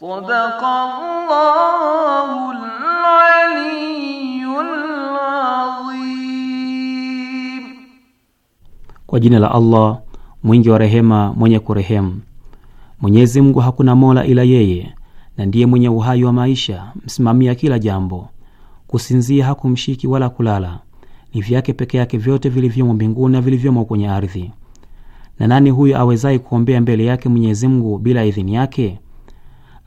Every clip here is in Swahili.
Kwa jina la Allah mwingi wa rehema, mwenye kurehemu. Mwenyezi Mungu hakuna mola ila yeye, na ndiye mwenye uhai wa maisha, msimamia kila jambo. Kusinzia hakumshiki wala kulala. Ni vyake peke yake vyote vilivyomo mbinguni na vilivyomo kwenye ardhi. Na nani huyo awezaye kuombea mbele yake Mwenyezi Mungu bila idhini yake?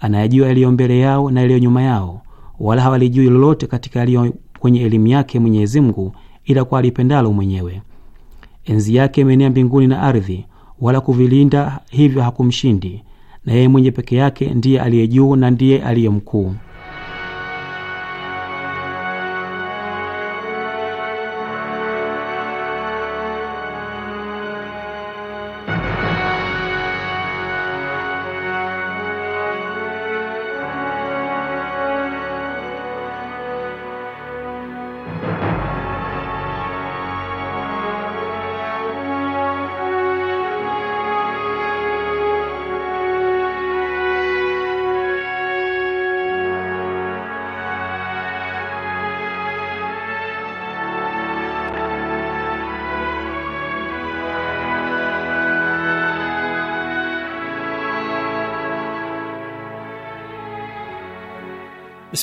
anayajua yaliyo mbele yao na yaliyo nyuma yao, wala hawalijui lolote katika yaliyo kwenye elimu yake Mwenyezi Mungu ila kwa alipendalo mwenyewe. Enzi yake imeenea mbinguni na ardhi, wala kuvilinda hivyo hakumshindi, na yeye mwenye peke yake ndiye aliye juu na ndiye aliye mkuu.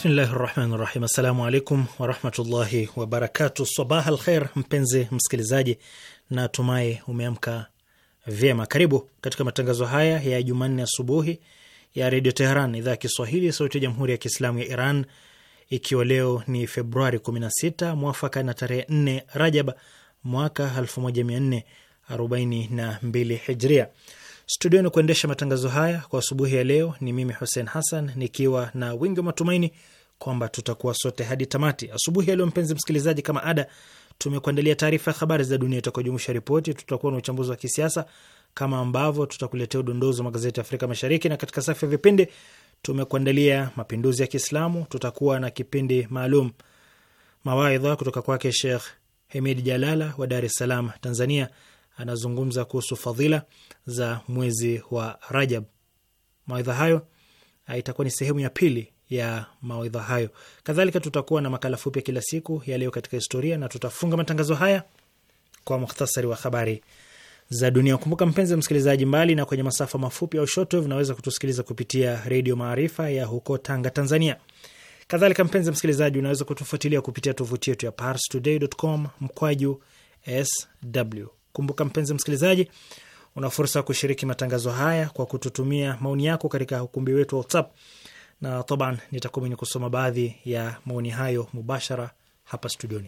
Bismillahi rahmani rahim. Assalamu alaikum warahmatullahi wabarakatu. Sabah al mpenzi msikilizaji, na tumai umeamka vyema. Karibu katika matangazo haya ya Jumanne asubuhi ya Redio Teheran, idhaa ya Kiswahili, sauti ya Jamhuri ya Kiislamu ya Iran, ikiwa leo ni Februari 16 mwafaka na tarehe 4 Rajab mwaka 1442 Hijria. Studioni kuendesha matangazo haya kwa asubuhi ya leo ni mimi Hussein Hassan, nikiwa na wingi wa matumaini kwamba tutakuwa sote hadi tamati asubuhi ya leo. Mpenzi msikilizaji, kama ada, tumekuandalia taarifa ya habari za dunia itakayojumuisha ripoti, tutakuwa na uchambuzi wa kisiasa kama ambavyo tutakuletea udondozi wa magazeti ya Afrika Mashariki, na katika safu ya vipindi tumekuandalia mapinduzi ya Kiislamu, tutakuwa na kipindi maalum mawaidha kutoka kwake Shekh Hemid Jalala wa Dar es Salaam, Tanzania, anazungumza kuhusu fadhila za mwezi wa Rajab. Mawaidha hayo ah, itakuwa ni sehemu ya pili ya mawaidha hayo. Kadhalika tutakuwa na makala fupi ya kila siku ya leo katika historia, na tutafunga matangazo haya kwa muhtasari wa habari za dunia. Kumbuka mpenzi msikilizaji, mbali na kwenye masafa mafupi au shortwave, unaweza kutusikiliza kupitia Redio Maarifa ya huko Tanga, Tanzania. Kadhalika mpenzi msikilizaji, unaweza kutufuatilia kupitia tovuti yetu ya parstoday.com mkwaju sw Kumbuka mpenzi msikilizaji, una fursa ya kushiriki matangazo haya kwa kututumia maoni yako katika ukumbi wetu wa WhatsApp na taban nitakuwa mwenye kusoma baadhi ya maoni hayo mubashara hapa studioni.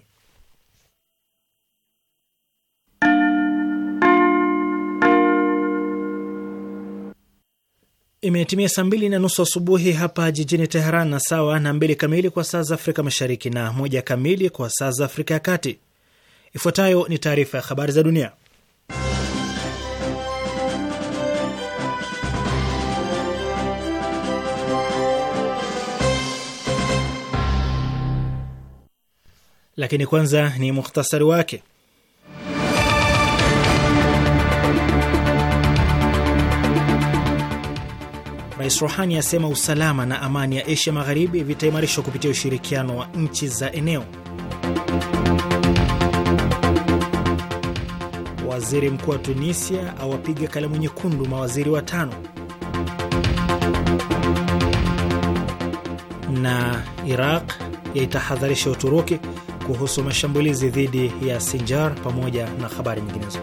Imetimia saa mbili na nusu asubuhi hapa jijini Teheran, na sawa na mbili kamili kwa saa za Afrika Mashariki na moja kamili kwa saa za Afrika ya Kati. Ifuatayo ni taarifa ya habari za dunia lakini kwanza ni muhtasari wake. Rais Rohani asema usalama na amani ya Asia Magharibi vitaimarishwa kupitia ushirikiano wa nchi za eneo. Waziri mkuu wa Tunisia awapiga kalamu nyekundu mawaziri watano. Na Iraq yaitahadharisha Uturuki kuhusu mashambulizi dhidi ya Sinjar pamoja na habari nyinginezo.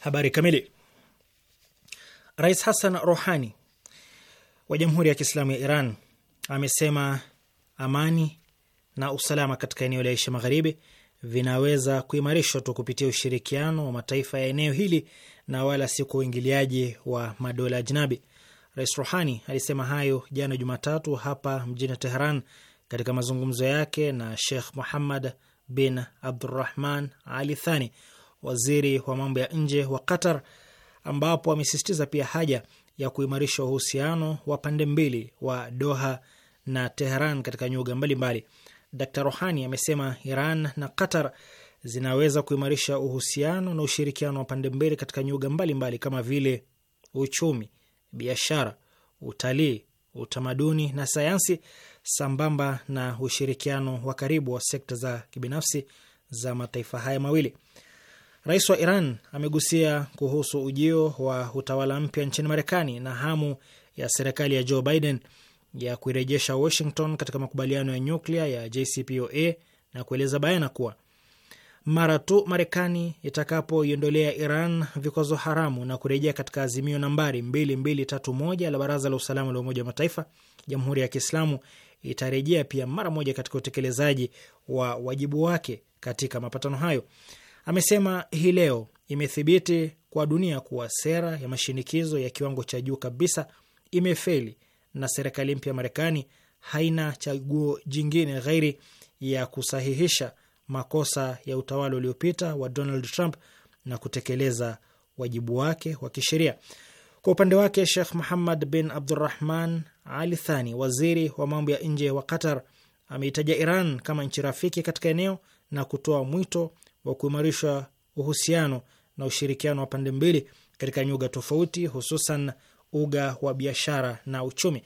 Habari kamili. Rais Hassan Rohani wa Jamhuri ya Kiislamu ya Iran amesema amani na usalama katika eneo la Asia Magharibi vinaweza kuimarishwa tu kupitia ushirikiano wa mataifa ya eneo hili na wala si kwa uingiliaji wa madola ajnabi. Rais Rohani alisema hayo jana Jumatatu hapa mjini Teheran katika mazungumzo yake na Sheikh Muhammad bin Abdurrahman Ali Thani, waziri wa mambo ya nje wa Qatar, ambapo amesisitiza pia haja ya kuimarisha uhusiano wa pande mbili wa Doha na Teheran katika nyuga mbalimbali. Dr Rohani amesema Iran na Qatar zinaweza kuimarisha uhusiano na ushirikiano wa pande mbili katika nyuga mbalimbali kama vile uchumi biashara, utalii, utamaduni na sayansi, sambamba na ushirikiano wa karibu wa sekta za kibinafsi za mataifa haya mawili. Rais wa Iran amegusia kuhusu ujio wa utawala mpya nchini Marekani na hamu ya serikali ya Joe Biden ya kuirejesha Washington katika makubaliano ya nyuklia ya JCPOA na kueleza bayana kuwa mara tu Marekani itakapoiondolea Iran vikwazo haramu na kurejea katika azimio nambari 2231 la Baraza la Usalama la Umoja wa Mataifa, Jamhuri ya Kiislamu itarejea pia mara moja katika utekelezaji wa wajibu wake katika mapatano hayo. Amesema hii leo imethibiti kwa dunia kuwa sera ya mashinikizo ya kiwango cha juu kabisa imefeli na serikali mpya ya Marekani haina chaguo jingine ghairi ya kusahihisha makosa ya utawala uliopita wa Donald Trump na kutekeleza wajibu wake wa kisheria. Kwa upande wake, Shekh Muhammad bin Abdurahman Ali Thani, waziri wa mambo ya nje wa Qatar, ameitaja Iran kama nchi rafiki katika eneo na kutoa mwito wa kuimarisha uhusiano na ushirikiano wa pande mbili katika nyuga tofauti, hususan uga wa biashara na uchumi,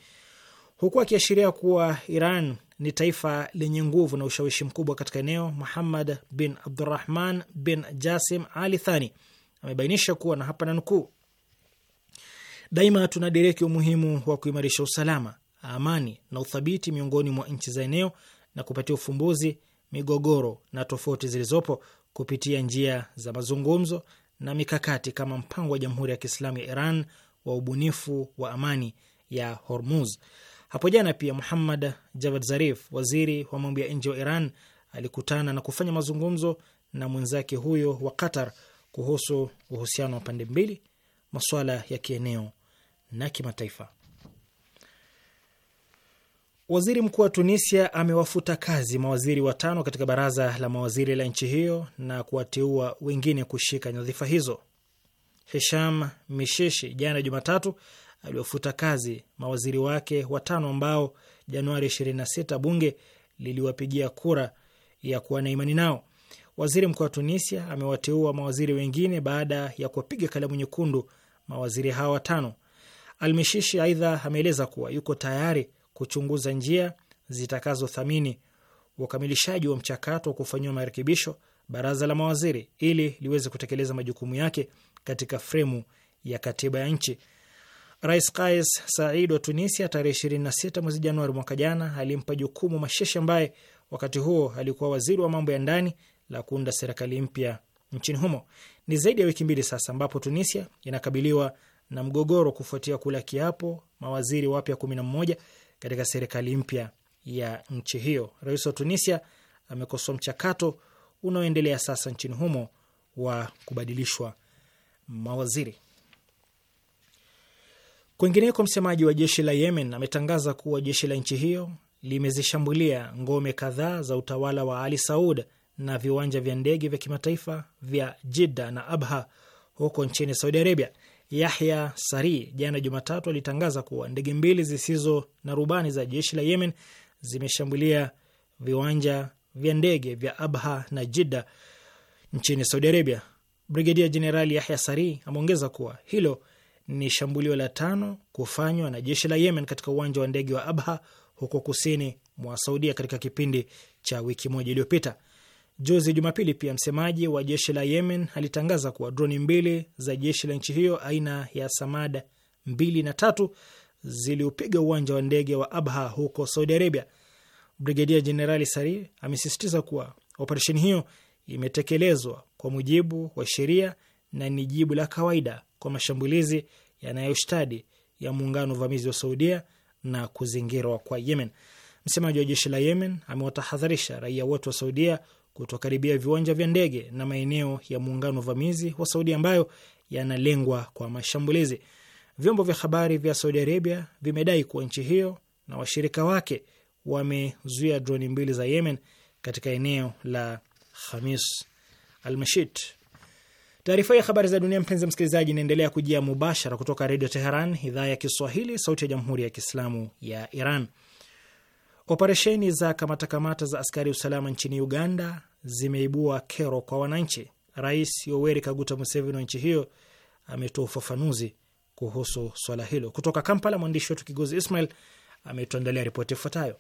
huku akiashiria kuwa Iran ni taifa lenye nguvu na ushawishi mkubwa katika eneo, Muhammad bin Abdurahman bin Jasim Ali Thani amebainisha kuwa na hapa nanukuu, daima tunadiriki umuhimu wa kuimarisha usalama, amani na uthabiti miongoni mwa nchi za eneo na kupatia ufumbuzi migogoro na tofauti zilizopo kupitia njia za mazungumzo na mikakati kama mpango wa Jamhuri ya Kiislamu ya Iran wa ubunifu wa amani ya Hormuz. Hapo jana pia Muhammad Javad Zarif, waziri wa mambo ya nje wa Iran, alikutana na kufanya mazungumzo na mwenzake huyo wa Qatar kuhusu uhusiano wa pande mbili, masuala ya kieneo na kimataifa. Waziri mkuu wa Tunisia amewafuta kazi mawaziri watano katika baraza la mawaziri la nchi hiyo na kuwateua wengine kushika nyadhifa hizo. Hisham misheshi jana Jumatatu aliofuta kazi mawaziri wake watano ambao Januari 26 bunge liliwapigia kura ya kuwa na imani nao. Waziri mkuu wa Tunisia amewateua mawaziri wengine baada ya kuwapiga kalamu nyekundu mawaziri hawa watano. Almishishi aidha ameeleza kuwa yuko tayari kuchunguza njia zitakazothamini ukamilishaji wa mchakato wa kufanyiwa marekebisho baraza la mawaziri ili liweze kutekeleza majukumu yake katika fremu ya katiba ya nchi. Rais Kais Said wa Tunisia tarehe sita mwezi Januari mwaka jana alimpa jukumu Masheshe ambaye wakati huo alikuwa waziri wa mambo ya ndani la kuunda serikali mpya nchini humo. Ni zaidi ya wiki mbili sasa ambapo Tunisia inakabiliwa na mgogoro kufuatia kula kiapo mawaziri wapya mmoja katika serikali mpya ya nchi hiyo. Rais wa Tunisia amekosoa mchakato unaoendelea sasa nchini humo wa kubadilishwa mawaziri. Kwingineko, msemaji wa jeshi la Yemen ametangaza kuwa jeshi la nchi hiyo limezishambulia ngome kadhaa za utawala wa Ali Saud na viwanja vya ndege vya kimataifa vya Jidda na Abha huko nchini Saudi Arabia. Yahya Sari jana Jumatatu alitangaza kuwa ndege mbili zisizo na rubani za jeshi la Yemen zimeshambulia viwanja vya ndege vya Abha na Jidda nchini Saudi Arabia. Brigedia Jenerali Yahya Sari ameongeza kuwa hilo ni shambulio la tano kufanywa na jeshi la Yemen katika uwanja wa ndege wa Abha huko kusini mwa Saudia katika kipindi cha wiki moja iliyopita. Juzi Jumapili pia msemaji wa jeshi la Yemen alitangaza kuwa droni mbili za jeshi la nchi hiyo aina ya Samad mbili na tatu ziliupiga uwanja wa ndege wa Abha huko Saudi Arabia. Brigedia Jenerali Sari amesisitiza kuwa operesheni hiyo imetekelezwa kwa mujibu wa sheria na ni jibu la kawaida kwa mashambulizi yanayoshtadi ya muungano uvamizi wa Saudia na kuzingirwa kwa Yemen. Msemaji wa jeshi la Yemen amewatahadharisha raia wote wa Saudia kutokaribia viwanja vya ndege na maeneo ya muungano uvamizi wa Saudia ambayo yanalengwa kwa mashambulizi. Vyombo vya habari vya Saudi Arabia vimedai kuwa nchi hiyo na washirika wake wamezuia droni mbili za Yemen katika eneo la Khamis Almashit. Taarifa ya habari za dunia, mpenzi msikilizaji, inaendelea kujia mubashara kutoka Redio Teheran, idhaa ya Kiswahili, sauti ya jamhuri ya kiislamu ya Iran. Operesheni za kamatakamata za askari usalama nchini Uganda zimeibua kero kwa wananchi. Rais Yoweri Kaguta Museveni wa nchi hiyo ametoa ufafanuzi kuhusu swala hilo. Kutoka Kampala, mwandishi wetu Kigozi Ismail ametuandalia ripoti ifuatayo.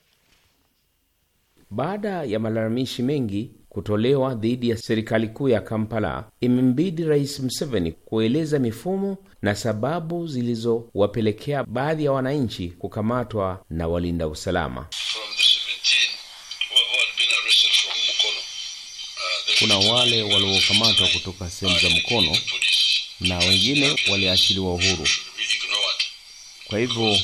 Baada ya malalamishi mengi kutolewa dhidi ya serikali kuu ya Kampala, imembidi Rais Museveni kueleza mifumo na sababu zilizowapelekea baadhi ya wananchi kukamatwa na walinda usalama. Kuna wale waliokamatwa kutoka sehemu za Mkono na wengine waliachiliwa uhuru. Kwa hivyo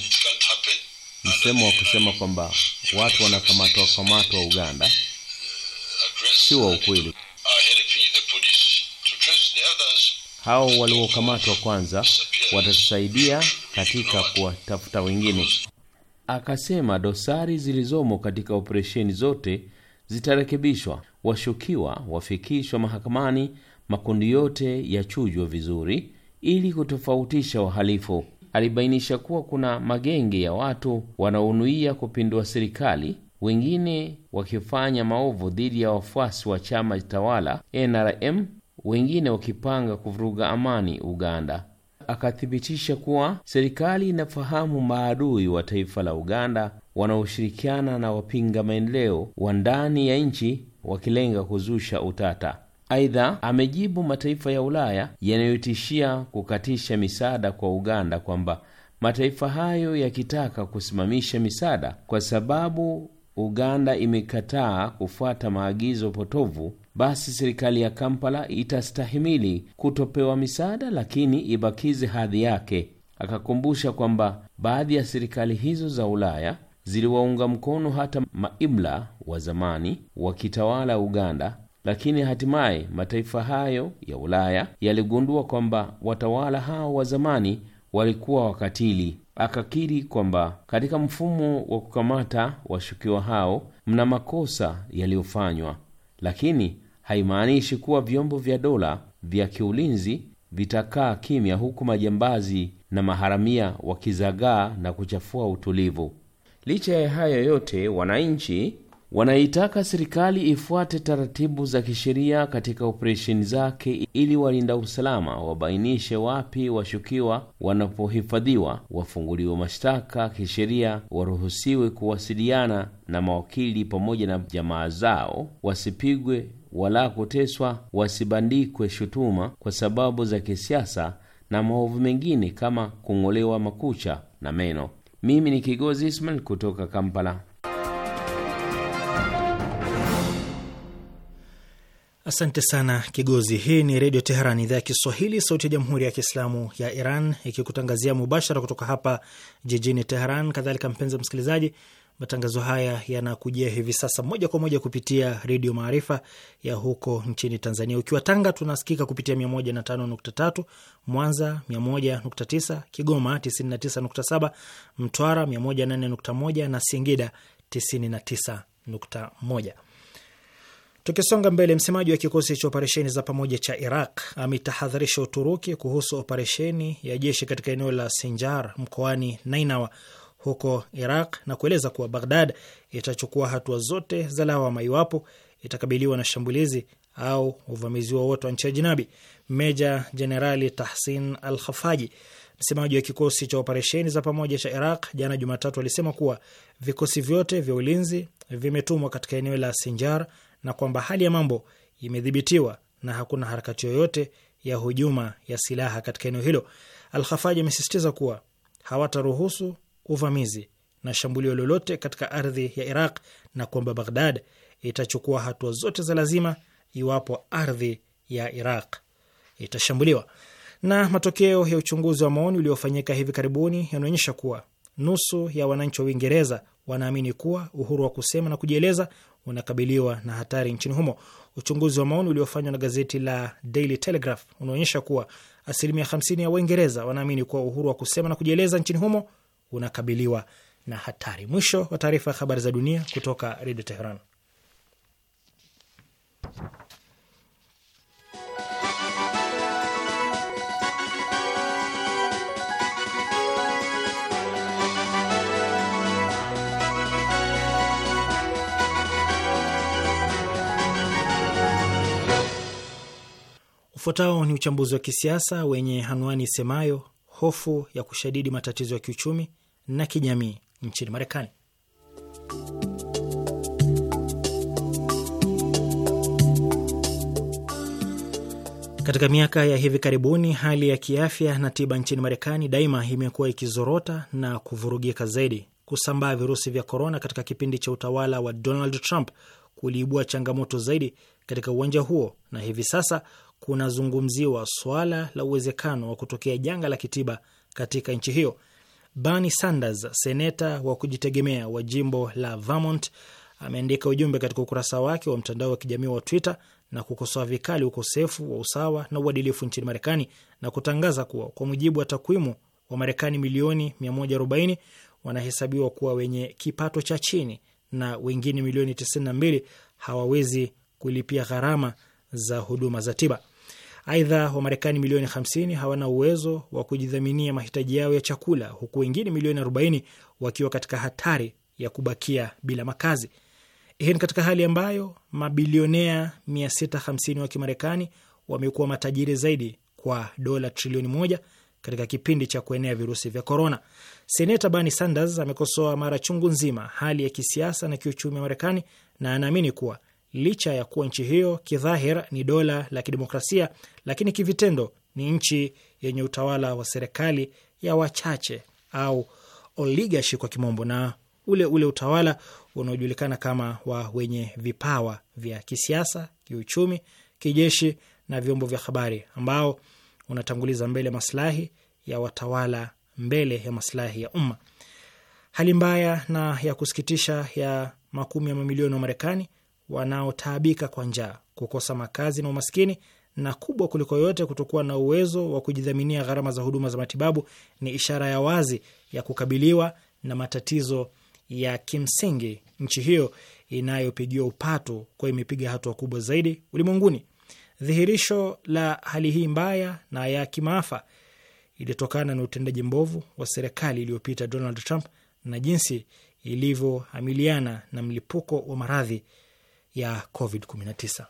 msemo wa kusema kwamba watu wanakamatwa kamatwa Uganda si wa ukweli. Hao waliokamatwa kwanza watatusaidia katika kuwatafuta wengine, akasema. Dosari zilizomo katika operesheni zote zitarekebishwa, washukiwa wafikishwa mahakamani, makundi yote yachujwa vizuri ili kutofautisha wahalifu alibainisha kuwa kuna magenge ya watu wanaonuia kupindua serikali, wengine wakifanya maovu dhidi ya wafuasi wa chama tawala NRM, wengine wakipanga kuvuruga amani Uganda. Akathibitisha kuwa serikali inafahamu maadui wa taifa la Uganda wanaoshirikiana na wapinga maendeleo wa ndani ya nchi wakilenga kuzusha utata. Aidha, amejibu mataifa ya Ulaya yanayotishia kukatisha misaada kwa Uganda kwamba mataifa hayo yakitaka kusimamisha misaada kwa sababu Uganda imekataa kufuata maagizo potovu, basi serikali ya Kampala itastahimili kutopewa misaada, lakini ibakize hadhi yake. Akakumbusha kwamba baadhi ya serikali hizo za Ulaya ziliwaunga mkono hata maimla wa zamani wakitawala Uganda lakini hatimaye mataifa hayo ya Ulaya yaligundua kwamba watawala hao wa zamani walikuwa wakatili. Akakiri kwamba katika mfumo wa kukamata washukiwa hao mna makosa yaliyofanywa, lakini haimaanishi kuwa vyombo vya dola vya kiulinzi vitakaa kimya huku majambazi na maharamia wakizagaa na kuchafua utulivu. Licha ya hayo yote, wananchi wanaitaka serikali ifuate taratibu za kisheria katika operesheni zake ili walinda usalama wabainishe wapi washukiwa wanapohifadhiwa, wafunguliwe mashtaka kisheria, waruhusiwe kuwasiliana na mawakili pamoja na jamaa zao, wasipigwe wala kuteswa, wasibandikwe shutuma kwa sababu za kisiasa na maovu mengine kama kung'olewa makucha na meno. Mimi ni Kigozi Ismail kutoka Kampala. Asante sana Kigozi. Hii ni Redio Teheran, idhaa ya Kiswahili, sauti ya Jamhuri ya Kiislamu ya Iran, ikikutangazia mubashara kutoka hapa jijini Teheran. Kadhalika mpenzi msikilizaji, matangazo haya yanakujia hivi sasa moja kwa moja kupitia Redio Maarifa ya huko nchini Tanzania. Ukiwa Tanga tunasikika kupitia 105.3, Mwanza 101.9, Kigoma 99.7, Mtwara 108.1 na Singida 99.1. Tukisonga mbele, msemaji wa kikosi cha operesheni za pamoja cha Iraq ametahadharisha Uturuki kuhusu operesheni ya jeshi katika eneo la Sinjar mkoani Nainawa huko Iraq na kueleza kuwa Baghdad itachukua hatua zote za lawama iwapo itakabiliwa na shambulizi au uvamizi wowote wa nchi ya jinabi. Meja Jenerali Tahsin Al Khafaji, msemaji wa kikosi cha operesheni za pamoja cha Iraq, jana Jumatatu alisema kuwa vikosi vyote vya ulinzi vimetumwa katika eneo la Sinjar na kwamba hali ya mambo imedhibitiwa na hakuna harakati yoyote ya hujuma ya silaha katika eneo hilo. Alhafaji amesisitiza kuwa hawataruhusu uvamizi na shambulio lolote katika ardhi ya Iraq na kwamba Baghdad itachukua hatua zote za lazima iwapo ardhi ya Iraq itashambuliwa. Na matokeo ya uchunguzi wa maoni uliofanyika hivi karibuni yanaonyesha kuwa nusu ya wananchi wa Uingereza wanaamini kuwa uhuru wa kusema na kujieleza unakabiliwa na hatari nchini humo. Uchunguzi wa maoni uliofanywa na gazeti la Daily Telegraph unaonyesha kuwa asilimia 50 ya Waingereza wanaamini kuwa uhuru wa kusema na kujieleza nchini humo unakabiliwa na hatari. Mwisho wa taarifa ya habari za dunia kutoka Redio Teheran. Ufuatao ni uchambuzi wa kisiasa wenye anwani isemayo hofu ya kushadidi matatizo ya kiuchumi na kijamii nchini Marekani. Katika miaka ya hivi karibuni, hali ya kiafya na tiba nchini Marekani daima imekuwa ikizorota na kuvurugika zaidi. Kusambaa virusi vya korona katika kipindi cha utawala wa Donald Trump kuliibua changamoto zaidi katika uwanja huo, na hivi sasa kunazungumziwa swala la uwezekano wa kutokea janga la kitiba katika nchi hiyo. Bernie Sanders, seneta wa kujitegemea wa jimbo la Vermont, ameandika ujumbe katika ukurasa wake wa mtandao wa kijamii wa Twitter na kukosoa vikali ukosefu wa usawa na uadilifu nchini Marekani na kutangaza kuwa kwa mujibu wa takwimu wa Marekani milioni 140 wanahesabiwa kuwa wenye kipato cha chini na wengine milioni 92 hawawezi kulipia gharama za huduma za tiba. Aidha, Wamarekani milioni 50 hawana uwezo wa kujidhaminia mahitaji yao ya chakula, huku wengine milioni 40 wakiwa katika hatari ya kubakia bila makazi. Hii ni katika hali ambayo mabilionea 650 wa Kimarekani wamekuwa matajiri zaidi kwa dola trilioni moja katika kipindi cha kuenea virusi vya korona. Seneta Bernie Sanders amekosoa mara chungu nzima hali ya kisiasa na kiuchumi wa Marekani na anaamini kuwa licha ya kuwa nchi hiyo kidhahir ni dola la kidemokrasia, lakini kivitendo ni nchi yenye utawala wa serikali ya wachache au oligarshi kwa kimombo, na ule ule utawala unaojulikana kama wa wenye vipawa vya kisiasa, kiuchumi, kijeshi na vyombo vya habari, ambao unatanguliza mbele maslahi ya watawala mbele ya maslahi ya umma. Hali mbaya na ya kusikitisha ya makumi ya mamilioni wa Marekani wanaotaabika kwa njaa, kukosa makazi na umaskini, na kubwa kuliko yote, kutokuwa na uwezo wa kujidhaminia gharama za huduma za matibabu ni ishara ya wazi ya kukabiliwa na matatizo ya kimsingi nchi hiyo inayopigiwa upato kwa imepiga hatua kubwa zaidi ulimwenguni. Dhihirisho la hali hii mbaya na ya kimaafa ilitokana na utendaji mbovu wa serikali iliyopita Donald Trump na jinsi ilivyohamiliana na mlipuko wa maradhi ya COVID-19.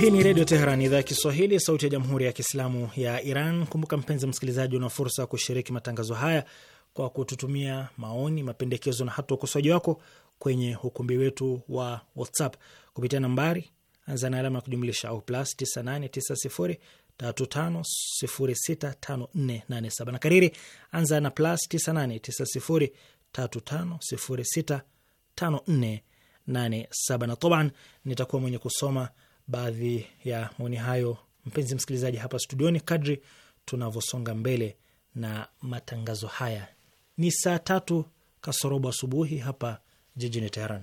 Hii ni Redio Teheran, idhaa ya Kiswahili, sauti ya Jamhuri ya Kiislamu ya Iran. Kumbuka mpenzi msikilizaji, una fursa ya kushiriki matangazo haya kwa kututumia maoni, mapendekezo na hata ukosoaji wako kwenye ukumbi wetu wa WhatsApp kupitia nambari anza na alama ya kujumlisha au plus 9890 35065487 na kariri anza na plus 989035065487 na taban nitakuwa mwenye kusoma baadhi ya maoni hayo, mpenzi msikilizaji, hapa studioni kadri tunavyosonga mbele na matangazo haya. Ni saa tatu kasorobo asubuhi hapa jijini Teheran.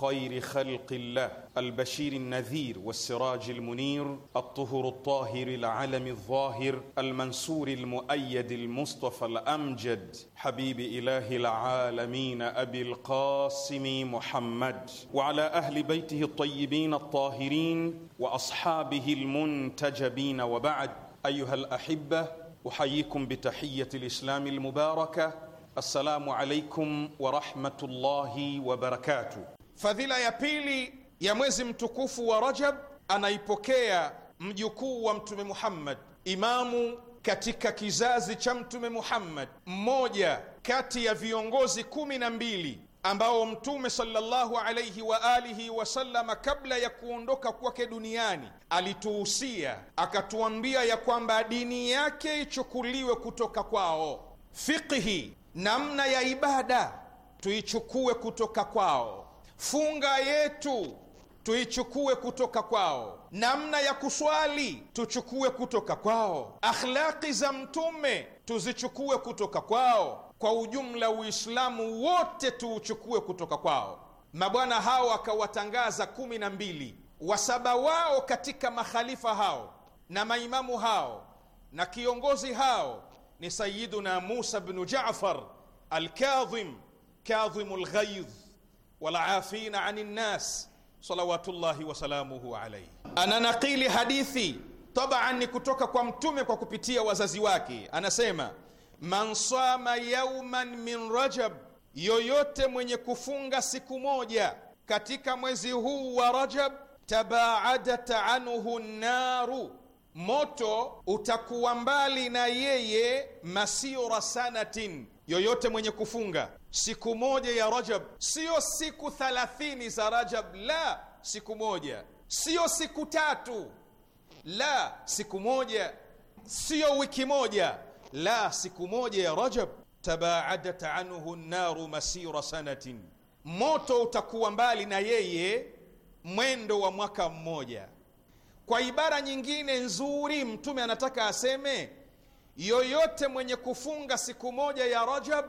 خير خلق الله البشير النذير والسراج المنير الطهر الطاهر العلم الظاهر المنصور المؤيد المصطفى الأمجد حبيب إله العالمين أبي القاسم محمد وعلى أهل بيته الطيبين الطاهرين وأصحابه المنتجبين وبعد أيها الأحبة أحييكم بتحية الإسلام المباركة السلام عليكم ورحمه الله وبركاته Fadhila ya pili ya mwezi mtukufu wa Rajab anaipokea mjukuu wa Mtume Muhammad, imamu katika kizazi cha Mtume Muhammad, mmoja kati ya viongozi kumi na mbili ambao Mtume sallallahu alaihi wa alihi wasallama kabla ya kuondoka kwake duniani alituhusia akatuambia ya kwamba dini yake ichukuliwe kutoka kwao, fiqhi, namna ya ibada tuichukue kutoka kwao funga yetu tuichukue kutoka kwao, namna ya kuswali tuchukue kutoka kwao, akhlaqi za Mtume tuzichukue kutoka kwao. Kwa ujumla, Uislamu wote tuuchukue kutoka kwao. Mabwana hao akawatangaza kumi na mbili, wasaba wao katika makhalifa hao na maimamu hao na kiongozi hao ni Sayiduna Musa bnu Jafar Alkadhim, kadhimu lghaidh walafina ani nnas salawatullahi wasalamuhu alaihi. naqili hadithi taban ni kutoka kwa Mtume kwa kupitia wazazi wake, anasema man sama yauman min Rajab, yoyote mwenye kufunga siku moja katika mwezi huu wa Rajab, tabaadat anhu naru moto utakuwa mbali na yeye, masira sanatin, yoyote mwenye kufunga siku moja ya Rajab, siyo siku thalathini za Rajab, la siku moja, siyo siku tatu, la siku moja, siyo wiki moja, la siku moja ya Rajab. Tabaadat anhu naru masira sanatin, moto utakuwa mbali na yeye mwendo wa mwaka mmoja. Kwa ibara nyingine nzuri, Mtume anataka aseme yoyote mwenye kufunga siku moja ya Rajab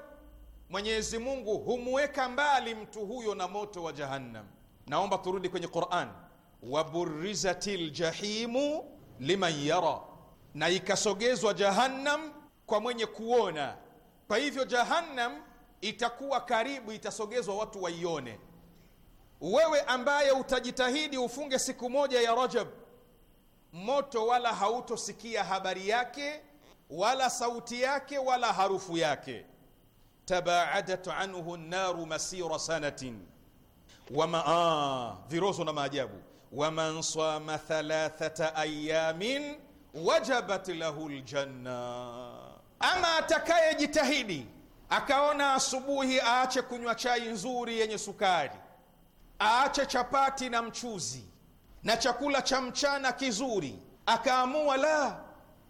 Mwenyezi Mungu humweka mbali mtu huyo na moto wa Jahannam. Naomba turudi kwenye Qur'an, waburizatil jahimu liman yara, na ikasogezwa Jahannam kwa mwenye kuona. Kwa hivyo Jahannam itakuwa karibu, itasogezwa watu waione. Wewe ambaye utajitahidi ufunge siku moja ya Rajab, moto wala hautosikia habari yake wala sauti yake wala harufu yake tabaadat anhu naru masira sanatin wama, aa, ah, virozo na maajabu. Waman sama thalathata ayamin wajabat lahu ljanna, ama atakaye jitahidi akaona asubuhi aache kunywa chai nzuri yenye sukari, aache chapati na mchuzi na chakula cha mchana kizuri, akaamua la,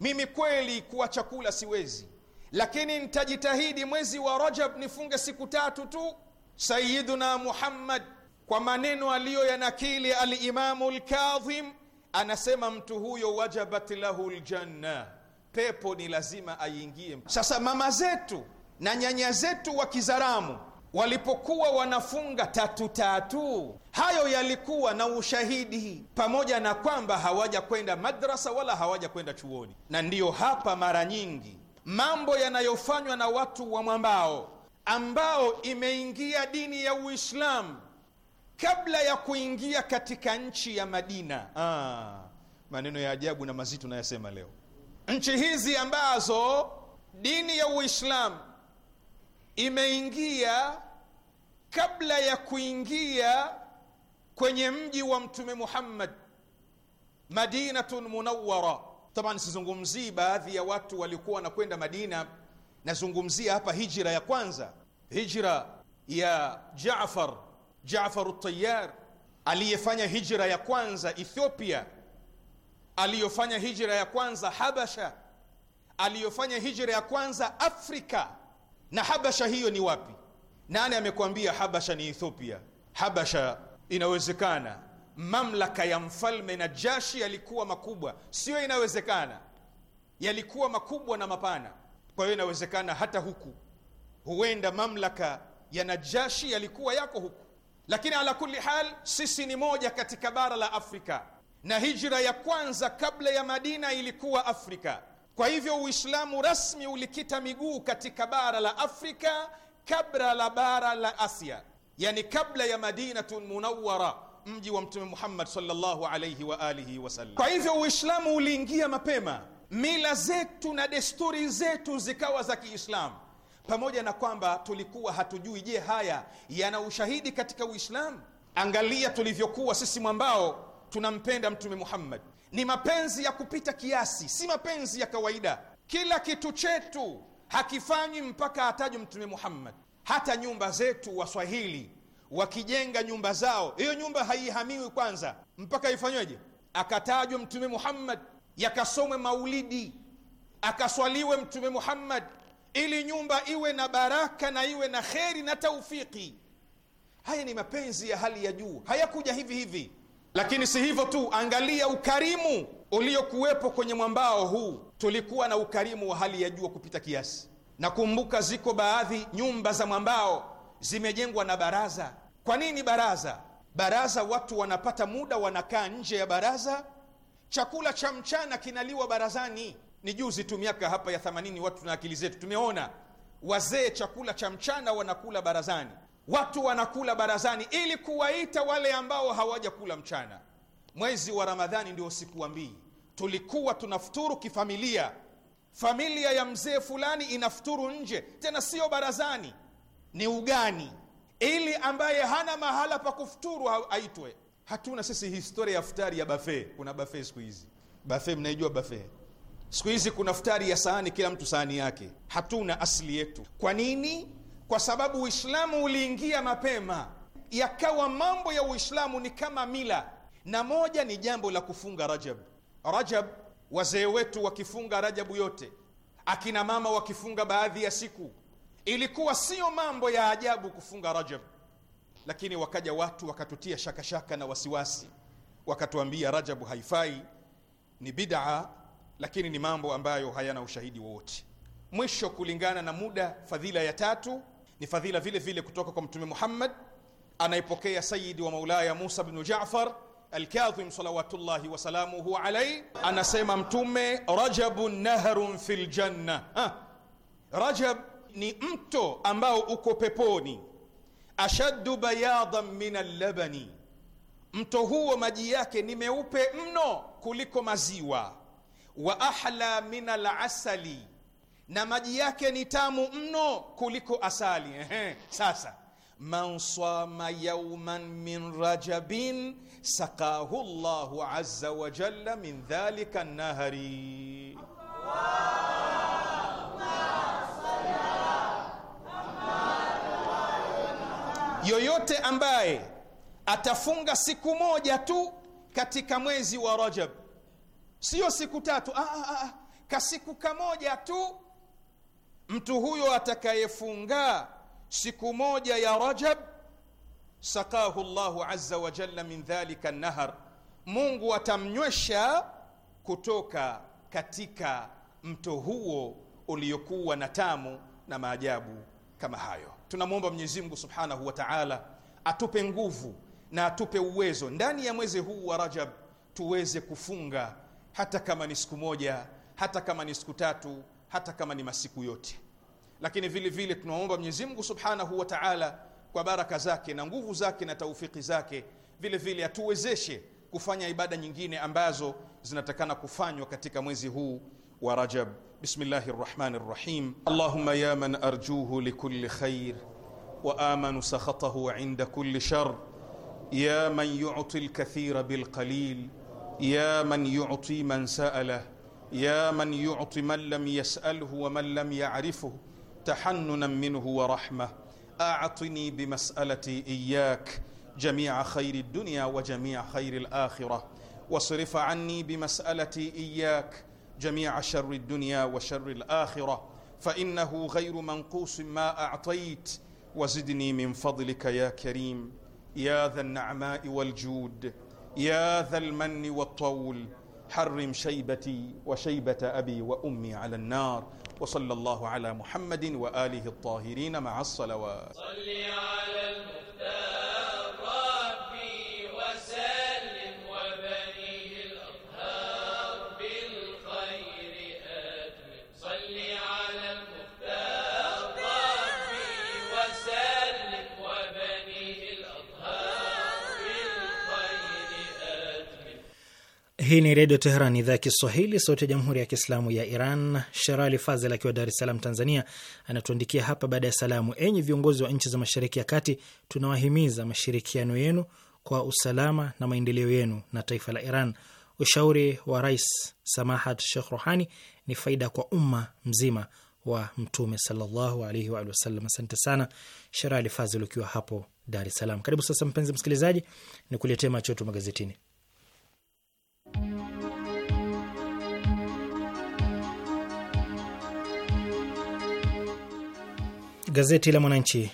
mimi kweli kuwa chakula siwezi lakini nitajitahidi mwezi wa Rajab nifunge siku tatu tu. Sayyiduna Muhammad kwa maneno aliyo yanakili Alimamu Lkadhim anasema mtu huyo wajabat lahu ljanna, pepo ni lazima aingie. Sasa mama zetu na nyanya zetu wa Kizaramu walipokuwa wanafunga tatu tatu, hayo yalikuwa na ushahidi, pamoja na kwamba hawaja kwenda madrasa wala hawaja kwenda chuoni, na ndiyo hapa mara nyingi mambo yanayofanywa na watu wa mwambao ambao imeingia dini ya Uislamu kabla ya kuingia katika nchi ya Madina. Ah, maneno ya ajabu na mazito nayasema leo. Nchi hizi ambazo dini ya Uislamu imeingia kabla ya kuingia kwenye mji wa Mtume Muhammad, Madinatun Munawwara Taban, sizungumzii baadhi ya watu waliokuwa wanakwenda Madina, nazungumzia hapa hijira ya kwanza, hijra ya Jaafar Jaafar at-Tayyar aliyefanya hijra ya kwanza Ethiopia, aliyofanya hijra ya kwanza Habasha, aliyofanya hijra ya kwanza Afrika. Na Habasha hiyo ni wapi? Nani amekwambia Habasha ni Ethiopia? Habasha inawezekana mamlaka ya mfalme Najashi yalikuwa makubwa, sio inawezekana, yalikuwa makubwa na mapana. Kwa hiyo inawezekana hata huku, huenda mamlaka ya Najashi yalikuwa yako huku, lakini ala kulli hal, sisi ni moja katika bara la Afrika, na hijra ya kwanza kabla ya Madina ilikuwa Afrika. Kwa hivyo Uislamu rasmi ulikita miguu katika bara la Afrika kabla la bara la Asia, yani kabla ya Madinatun Munawwara mji wa Mtume Muhammad sallallahu alayhi wa alihi sallam. Kwa hivyo Uislamu uliingia mapema, mila zetu na desturi zetu zikawa za Kiislamu, pamoja na kwamba tulikuwa hatujui. Je, haya yana ushahidi katika Uislamu? Angalia tulivyokuwa sisi mwambao tunampenda Mtume Muhammad, ni mapenzi ya kupita kiasi, si mapenzi ya kawaida. Kila kitu chetu hakifanywi mpaka atajwe Mtume Muhammad. Hata nyumba zetu Waswahili wakijenga nyumba zao, hiyo nyumba haihamiwi kwanza mpaka ifanyweje? Akatajwe Mtume Muhammad, yakasomwe maulidi, akaswaliwe Mtume Muhammad, ili nyumba iwe na baraka na iwe na kheri na taufiki. Haya ni mapenzi ya hali ya juu, hayakuja hivi hivi. Lakini si hivyo tu, angalia ukarimu uliokuwepo kwenye mwambao huu. Tulikuwa na ukarimu wa hali ya juu kupita kiasi. Nakumbuka ziko baadhi nyumba za mwambao zimejengwa na baraza kwa nini baraza? Baraza watu wanapata muda, wanakaa nje ya baraza, chakula cha mchana kinaliwa barazani. Ni juzi tu miaka hapa ya themanini, watu na akili zetu tumeona wazee chakula cha mchana wanakula barazani, watu wanakula barazani ili kuwaita wale ambao hawajakula mchana. Mwezi wa Ramadhani ndio siku mbili tulikuwa tunafuturu kifamilia, familia ya mzee fulani inafuturu nje, tena sio barazani, ni ugani ili ambaye hana mahala pa kufuturu aitwe. Hatuna sisi historia ya futari ya bafe. Kuna bafe siku hizi, bafe mnaijua bafe siku hizi kuna futari ya sahani, kila mtu sahani yake. Hatuna asili yetu. Kwa nini? Kwa sababu Uislamu uliingia mapema, yakawa mambo ya Uislamu ni kama mila, na moja ni jambo la kufunga Rajab. Rajab, wazee wetu wakifunga Rajabu yote, akina mama wakifunga baadhi ya siku Ilikuwa siyo mambo ya ajabu kufunga Rajab, lakini wakaja watu wakatutia shaka shaka na wasiwasi, wakatuambia Rajabu haifai, ni bid'a, lakini ni mambo ambayo hayana ushahidi wowote. Mwisho, kulingana na muda, fadhila ya tatu ni fadhila vile vile kutoka kwa Mtume Muhammad, anaipokea Sayyidi wa Maulaya Musa bnu Jafar Alkadhim salawatullahi wasalamuhu alaihi, anasema Mtume, Rajabu nahrun fil janna. Ah, Rajab ni mto ambao uko peponi, ashaddu bayadan min allabani, mto huo maji yake ni meupe mno kuliko maziwa. Wa ahla min alasali, na maji yake ni tamu mno kuliko asali. Ehe, sasa man sama yauman min rajabin sakahu llahu azza wa jalla min dhalika nahari Allah. yoyote ambaye atafunga siku moja tu katika mwezi wa Rajab, sio siku tatu, ah, ah, ah, ah, kasiku kamoja tu. Mtu huyo atakayefunga siku moja ya Rajab, sakahu Allahu azza wa jalla min dhalika nahar, Mungu atamnywesha kutoka katika mto huo uliokuwa na tamu na maajabu kama hayo tunamwomba Mwenyezi Mungu Subhanahu wa Ta'ala atupe nguvu na atupe uwezo ndani ya mwezi huu wa Rajab tuweze kufunga hata kama ni siku moja, hata kama ni siku tatu, hata kama ni masiku yote. Lakini vile vile tunaomba Mwenyezi Mungu Subhanahu wa Ta'ala kwa baraka zake na nguvu zake na taufiki zake, vile vile atuwezeshe kufanya ibada nyingine ambazo zinatakana kufanywa katika mwezi huu ورجب بسم الله الرحمن الرحيم اللهم يا من أرجوه لكل خير وآمن سخطه عند كل شر يا من يعطي الكثير بالقليل يا من يعطي من سأله يا من يعطي من لم يسأله ومن لم يعرفه تحننا منه ورحمة أعطني بمسألتي إياك جميع خير الدنيا وجميع خير الآخرة واصرف عني بمسألتي إياك جميع شر الدنيا وشر الاخره فانه غير منقوص ما اعطيت وزدني من فضلك يا كريم يا ذا النعماء والجود يا ذا المن والطول حرم شيبتي وشيبه ابي وامي على النار وصلى الله على محمد واله الطاهرين مع الصلوات صل على المختار Hii ni Redio Teheran, idhaa ya Kiswahili, sauti ya Jamhuri ya Kiislamu ya Iran. Sherali Fazel akiwa Dar es Salaam, Tanzania, anatuandikia hapa baada ya salamu: enyi viongozi wa nchi za Mashariki ya Kati, tunawahimiza mashirikiano yenu kwa usalama na maendeleo yenu na taifa la Iran. Ushauri wa Rais Samahat Sheikh Rohani ni faida kwa umma mzima wa Mtume sallallahu alaihi wa wasallam. Asante sana Sherali Fazel ukiwa hapo Dar es Salaam. Karibu sasa, mpenzi msikilizaji, ni kuletea macho yetu magazetini. Gazeti la Mwananchi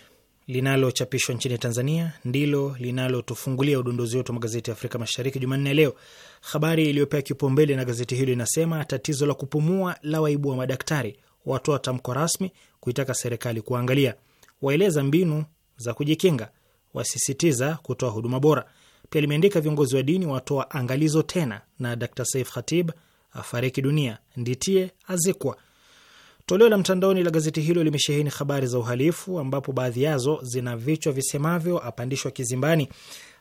linalochapishwa nchini Tanzania ndilo linalotufungulia udondozi wetu wa magazeti ya Afrika Mashariki Jumanne leo. Habari iliyopewa kipaumbele na gazeti hilo inasema tatizo la kupumua la waibua madaktari, watoa tamko rasmi kuitaka serikali kuangalia, waeleza mbinu za kujikinga, wasisitiza kutoa huduma bora. Pia limeandika viongozi wa dini watoa angalizo tena, na Dr Saif Khatib afariki dunia, Nditie azikwa Toleo la mtandaoni la gazeti hilo limesheheni habari za uhalifu, ambapo baadhi yazo zina vichwa visemavyo: apandishwa kizimbani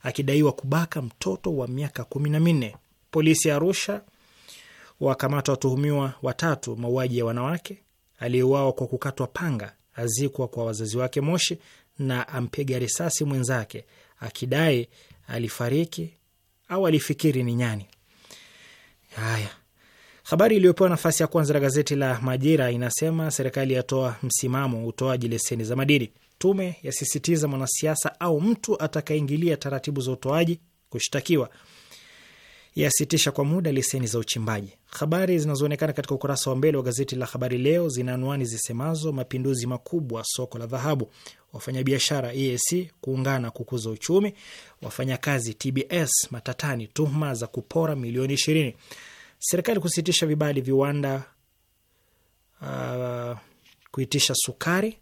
akidaiwa kubaka mtoto wa miaka kumi na minne; polisi Arusha wakamata watuhumiwa watatu mauaji ya wanawake; aliyeuawa kwa kukatwa panga azikwa kwa wazazi wake Moshi; na ampiga risasi mwenzake akidai alifariki au alifikiri ni nyani. Haya, Habari iliyopewa nafasi ya kwanza na gazeti la Majira inasema serikali yatoa msimamo utoaji leseni za madini. Tume yasisitiza mwanasiasa au mtu atakayeingilia taratibu za utoaji kushtakiwa, yasitisha kwa muda leseni za uchimbaji. Habari zinazoonekana katika ukurasa wa mbele wa gazeti la Habari Leo zina anwani zisemazo: mapinduzi makubwa soko la dhahabu, wafanyabiashara EAC kuungana kukuza uchumi, wafanyakazi TBS matatani, tuhuma za kupora milioni ishirini. Serikali kusitisha vibali viwanda uh, kuitisha sukari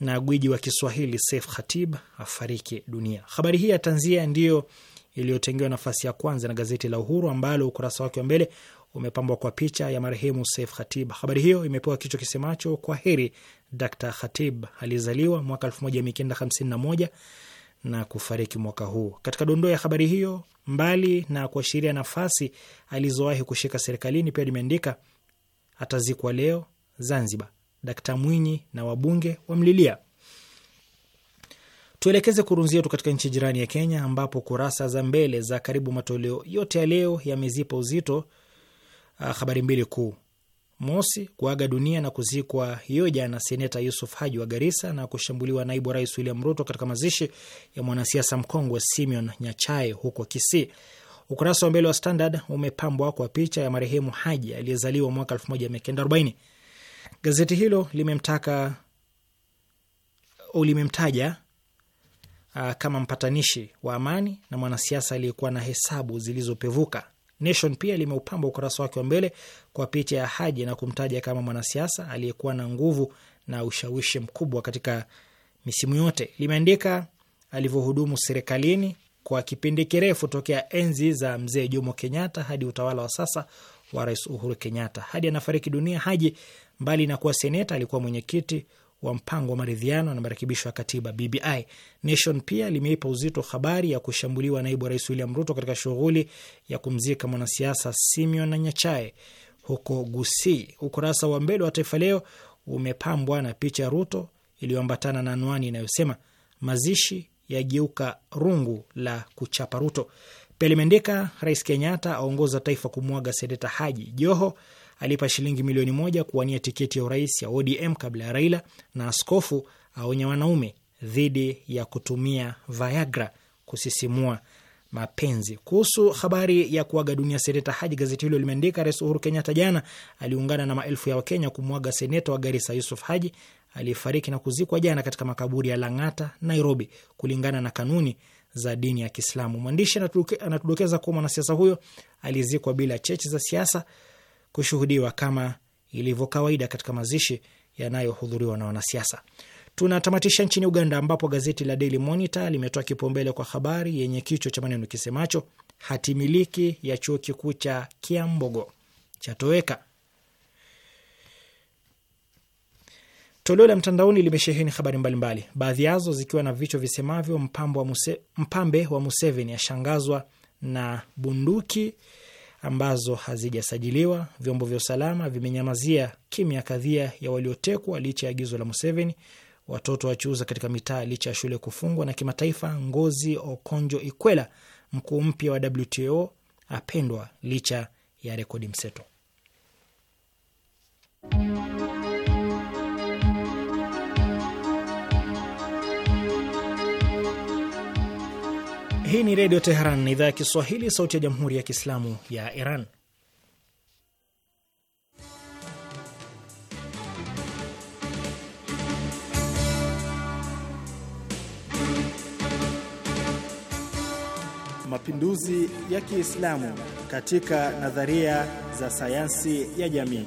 na gwiji wa Kiswahili Saif Khatib afariki dunia. Habari hii ya tanzia ndiyo iliyotengewa nafasi ya kwanza na gazeti la Uhuru ambalo ukurasa wake wa mbele umepambwa kwa picha ya marehemu Saif Khatib. Habari hiyo imepewa kichwa kisemacho kwa heri Dr Khatib, alizaliwa mwaka 1951 na kufariki mwaka huu. Katika dondoo ya habari hiyo, mbali na kuashiria nafasi alizowahi kushika serikalini, pia limeandika atazikwa leo Zanzibar, Dkt Mwinyi na wabunge wamlilia. Tuelekeze kurunzi yetu katika nchi jirani ya Kenya, ambapo kurasa za mbele za karibu matoleo yote ya leo yamezipa uzito ah, habari mbili kuu. Mosi, kuaga dunia na kuzikwa hiyo jana seneta Yusuf Haji wa Garissa na kushambuliwa naibu rais William Ruto katika mazishi ya mwanasiasa mkongwe Simeon Nyachae huko Kisii. Ukurasa wa mbele wa Standard umepambwa kwa picha ya marehemu Haji aliyezaliwa mwaka 1940. Gazeti hilo limemtaka au limemtaja uh, kama mpatanishi wa amani na mwanasiasa aliyekuwa na hesabu zilizopevuka. Nation pia limeupamba ukurasa wake wa mbele kwa picha ya Haji na kumtaja kama mwanasiasa aliyekuwa na nguvu na ushawishi mkubwa katika misimu yote. Limeandika alivyohudumu serikalini kwa kipindi kirefu tokea enzi za mzee Jomo Kenyatta hadi utawala wa sasa wa Rais Uhuru Kenyatta. Hadi anafariki dunia, Haji mbali na kuwa seneta, alikuwa mwenyekiti wa mpango wa maridhiano na marekebisho ya katiba BBI. Nation pia limeipa uzito habari ya kushambuliwa naibu rais William Ruto katika shughuli ya kumzika mwanasiasa Simeon na Nyachae huko Gusii. Ukurasa wa mbele wa Taifa Leo umepambwa na picha ya Ruto iliyoambatana na anwani inayosema mazishi yageuka rungu la kuchapa Ruto. Pia limeandika Rais Kenyatta aongoza taifa kumwaga seneta Haji Joho alipa shilingi milioni moja kuwania tiketi ya urais ya ODM kabla ya Raila, na askofu aonya wanaume dhidi ya kutumia Viagra kusisimua mapenzi. Kuhusu habari ya kuaga dunia seneta Haji, gazeti hilo limeandika, Rais Uhuru Kenyatta jana aliungana na maelfu ya Wakenya kumwaga seneta wa Garisa Yusuf Haji aliyefariki na kuzikwa jana katika makaburi ya Lang'ata, Nairobi, kulingana na kanuni za dini ya Kiislamu. Mwandishi anatudokeza kuwa mwanasiasa huyo alizikwa bila cheche za siasa kushuhudiwa kama ilivyo kawaida katika mazishi yanayohudhuriwa na wanasiasa. Tunatamatisha nchini Uganda, ambapo gazeti la Daily Monitor limetoa kipaumbele kwa habari yenye kichwa cha maneno kisemacho hatimiliki ya chuo kikuu cha Kiambogo chatoweka. Toleo la mtandaoni limesheheni habari mbalimbali, baadhi yazo zikiwa na vichwa visemavyo: mpambe wa Museveni ashangazwa na bunduki ambazo hazijasajiliwa. Vyombo vya usalama vimenyamazia kimya kadhia ya waliotekwa licha ya agizo la Museveni. Watoto wachuuza katika mitaa licha ya shule kufungwa. Na kimataifa, Ngozi Okonjo Ikwela, mkuu mpya wa WTO, apendwa licha ya rekodi mseto. Hii ni Redio Teheran ni idhaa ya Kiswahili, sauti ya Jamhuri ya Kiislamu ya Iran. Mapinduzi ya Kiislamu katika nadharia za sayansi ya jamii.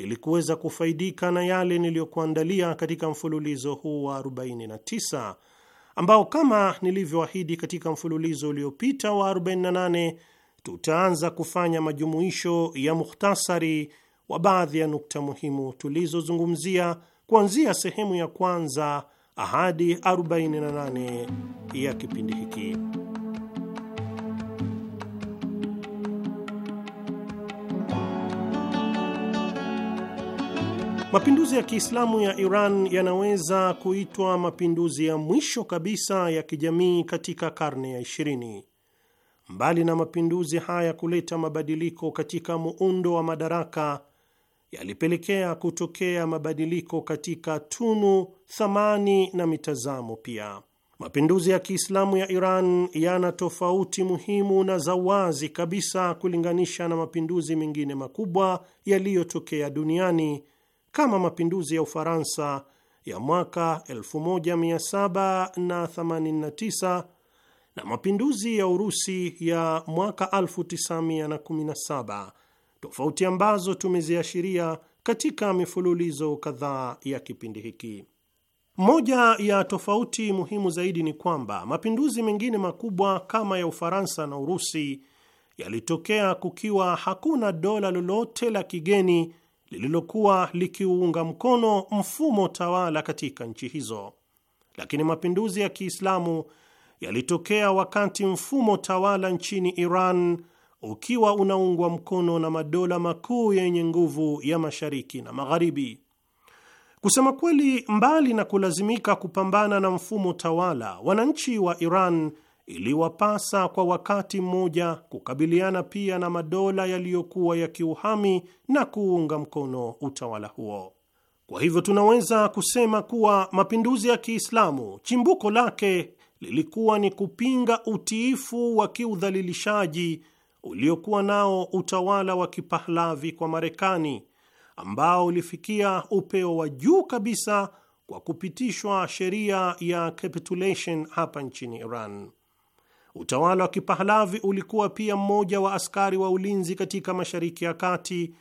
ili kuweza kufaidika na yale niliyokuandalia katika mfululizo huu wa 49 ambao kama nilivyoahidi katika mfululizo uliopita wa 48 tutaanza kufanya majumuisho ya mukhtasari wa baadhi ya nukta muhimu tulizozungumzia kuanzia sehemu ya kwanza hadi 48 ya kipindi hiki. Mapinduzi ya Kiislamu ya Iran yanaweza kuitwa mapinduzi ya mwisho kabisa ya kijamii katika karne ya ishirini. Mbali na mapinduzi haya kuleta mabadiliko katika muundo wa madaraka, yalipelekea kutokea mabadiliko katika tunu, thamani na mitazamo pia. Mapinduzi ya Kiislamu ya Iran yana tofauti muhimu na za wazi kabisa kulinganisha na mapinduzi mengine makubwa yaliyotokea duniani kama mapinduzi ya Ufaransa ya mwaka 1789 na mapinduzi ya Urusi ya mwaka 1917, tofauti ambazo tumeziashiria katika mifululizo kadhaa ya kipindi hiki. Moja ya tofauti muhimu zaidi ni kwamba mapinduzi mengine makubwa kama ya Ufaransa na Urusi yalitokea kukiwa hakuna dola lolote la kigeni lililokuwa likiuunga mkono mfumo tawala katika nchi hizo, lakini mapinduzi ya Kiislamu yalitokea wakati mfumo tawala nchini Iran ukiwa unaungwa mkono na madola makuu yenye nguvu ya mashariki na magharibi. Kusema kweli, mbali na kulazimika kupambana na mfumo tawala, wananchi wa Iran iliwapasa kwa wakati mmoja kukabiliana pia na madola yaliyokuwa yakiuhami na kuunga mkono utawala huo. Kwa hivyo tunaweza kusema kuwa mapinduzi ya Kiislamu chimbuko lake lilikuwa ni kupinga utiifu wa kiudhalilishaji uliokuwa nao utawala wa Kipahlavi kwa Marekani, ambao ulifikia upeo wa juu kabisa kwa kupitishwa sheria ya capitulation hapa nchini Iran. Utawala wa Kipahlavi ulikuwa pia mmoja wa askari wa ulinzi katika Mashariki ya Kati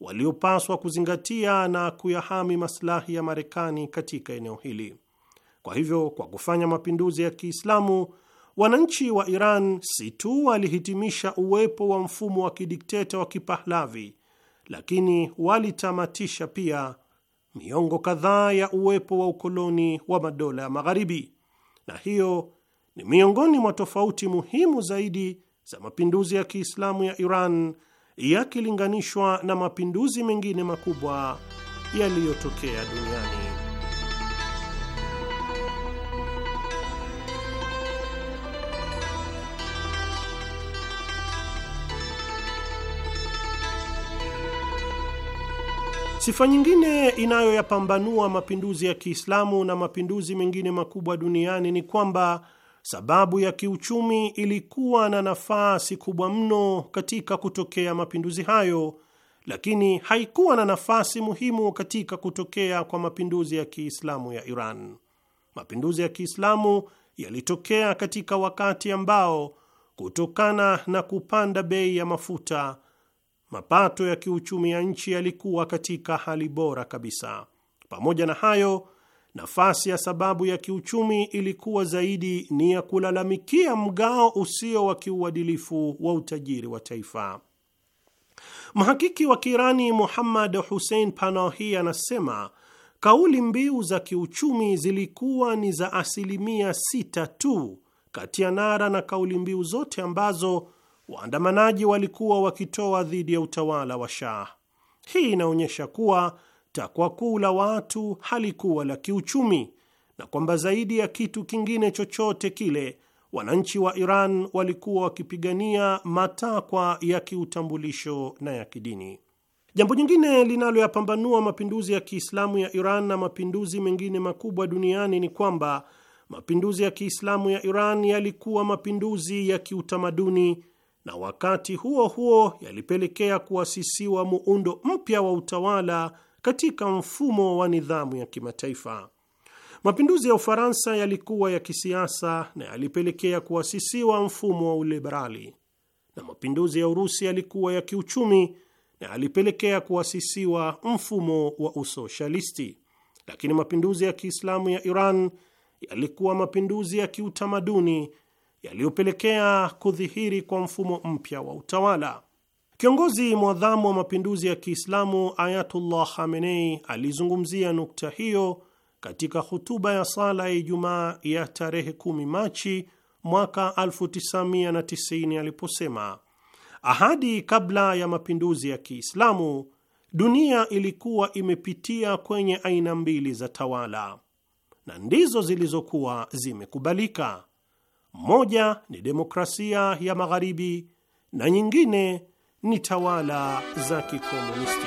waliopaswa kuzingatia na kuyahami maslahi ya Marekani katika eneo hili. Kwa hivyo, kwa kufanya mapinduzi ya Kiislamu, wananchi wa Iran si tu walihitimisha uwepo wa mfumo wa kidikteta wa Kipahlavi, lakini walitamatisha pia miongo kadhaa ya uwepo wa ukoloni wa madola ya Magharibi, na hiyo ni miongoni mwa tofauti muhimu zaidi za mapinduzi ya Kiislamu ya Iran yakilinganishwa na mapinduzi mengine makubwa yaliyotokea duniani. Sifa nyingine inayoyapambanua mapinduzi ya Kiislamu na mapinduzi mengine makubwa duniani ni kwamba sababu ya kiuchumi ilikuwa na nafasi kubwa mno katika kutokea mapinduzi hayo, lakini haikuwa na nafasi muhimu katika kutokea kwa mapinduzi ya Kiislamu ya Iran. Mapinduzi ya Kiislamu yalitokea katika wakati ambao kutokana na kupanda bei ya mafuta, mapato ya kiuchumi ya nchi yalikuwa katika hali bora kabisa. Pamoja na hayo Nafasi ya sababu ya kiuchumi ilikuwa zaidi ni ya kulalamikia mgao usio wa kiuadilifu wa utajiri wa taifa. Mhakiki wa Kirani Muhammad Hussein Panahi anasema kauli mbiu za kiuchumi zilikuwa ni za asilimia sita tu kati ya nara na kauli mbiu zote ambazo waandamanaji walikuwa wakitoa dhidi ya utawala wa Shah. Hii inaonyesha kuwa takwa kuu la watu halikuwa la kiuchumi na kwamba zaidi ya kitu kingine chochote kile wananchi wa Iran walikuwa wakipigania matakwa ya kiutambulisho na ya kidini. Jambo jingine linaloyapambanua mapinduzi ya Kiislamu ya Iran na mapinduzi mengine makubwa duniani ni kwamba mapinduzi ya Kiislamu ya Iran yalikuwa mapinduzi ya kiutamaduni na wakati huo huo yalipelekea kuasisiwa muundo mpya wa utawala katika mfumo wa nidhamu ya kimataifa. Mapinduzi ya Ufaransa yalikuwa ya kisiasa na yalipelekea kuasisiwa mfumo wa uliberali, na mapinduzi ya Urusi yalikuwa ya kiuchumi na yalipelekea kuasisiwa mfumo wa usoshalisti. Lakini mapinduzi ya Kiislamu ya Iran yalikuwa mapinduzi ya kiutamaduni yaliyopelekea kudhihiri kwa mfumo mpya wa utawala. Kiongozi mwadhamu wa mapinduzi ya Kiislamu Ayatullah Khamenei alizungumzia nukta hiyo katika hutuba ya sala ya Ijumaa ya tarehe 10 Machi mwaka 1990 aliposema, ahadi kabla ya mapinduzi ya Kiislamu dunia ilikuwa imepitia kwenye aina mbili za tawala na ndizo zilizokuwa zimekubalika. Moja ni demokrasia ya magharibi na nyingine ni tawala za kikomunisti.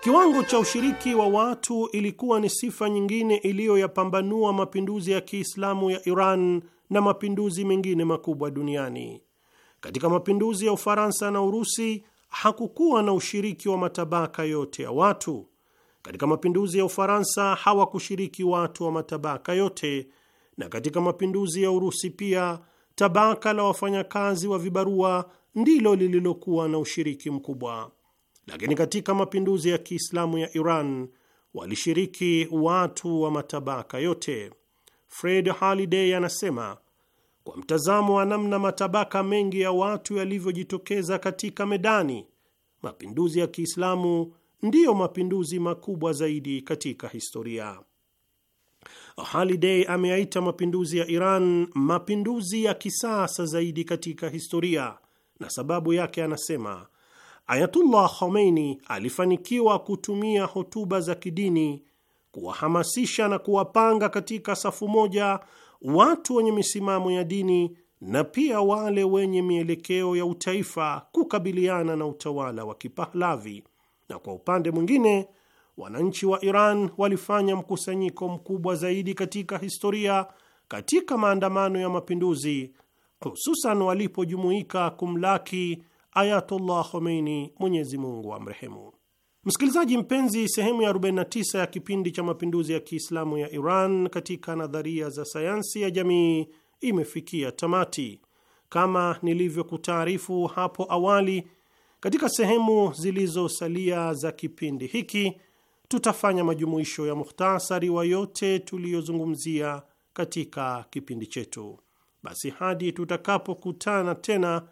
Kiwango cha ushiriki wa watu ilikuwa ni sifa nyingine iliyoyapambanua mapinduzi ya Kiislamu ya Iran na mapinduzi mengine makubwa duniani. Katika mapinduzi ya Ufaransa na Urusi, hakukuwa na ushiriki wa matabaka yote ya watu. Katika mapinduzi ya Ufaransa hawakushiriki watu wa matabaka yote, na katika mapinduzi ya Urusi pia tabaka la wafanyakazi wa vibarua ndilo lililokuwa na ushiriki mkubwa, lakini katika mapinduzi ya Kiislamu ya Iran walishiriki watu wa matabaka yote. Fred Haliday anasema kwa mtazamo wa namna matabaka mengi ya watu yalivyojitokeza katika medani, mapinduzi ya Kiislamu ndiyo mapinduzi makubwa zaidi katika historia. Haliday ameyaita mapinduzi ya Iran mapinduzi ya kisasa zaidi katika historia, na sababu yake anasema Ayatullah Khomeini alifanikiwa kutumia hotuba za kidini kuwahamasisha na kuwapanga katika safu moja watu wenye misimamo ya dini na pia wale wenye mielekeo ya utaifa kukabiliana na utawala wa Kipahlavi, na kwa upande mwingine wananchi wa Iran walifanya mkusanyiko mkubwa zaidi katika historia katika maandamano ya mapinduzi, hususan walipojumuika kumlaki Ayatullah Khomeini, Mwenyezi Mungu amrehemu. Msikilizaji mpenzi, sehemu ya 49 ya kipindi cha mapinduzi ya Kiislamu ya Iran katika nadharia za sayansi ya jamii imefikia tamati. Kama nilivyokutaarifu hapo awali, katika sehemu zilizosalia za kipindi hiki tutafanya majumuisho ya muhtasari wa yote tuliyozungumzia katika kipindi chetu. Basi hadi tutakapokutana tena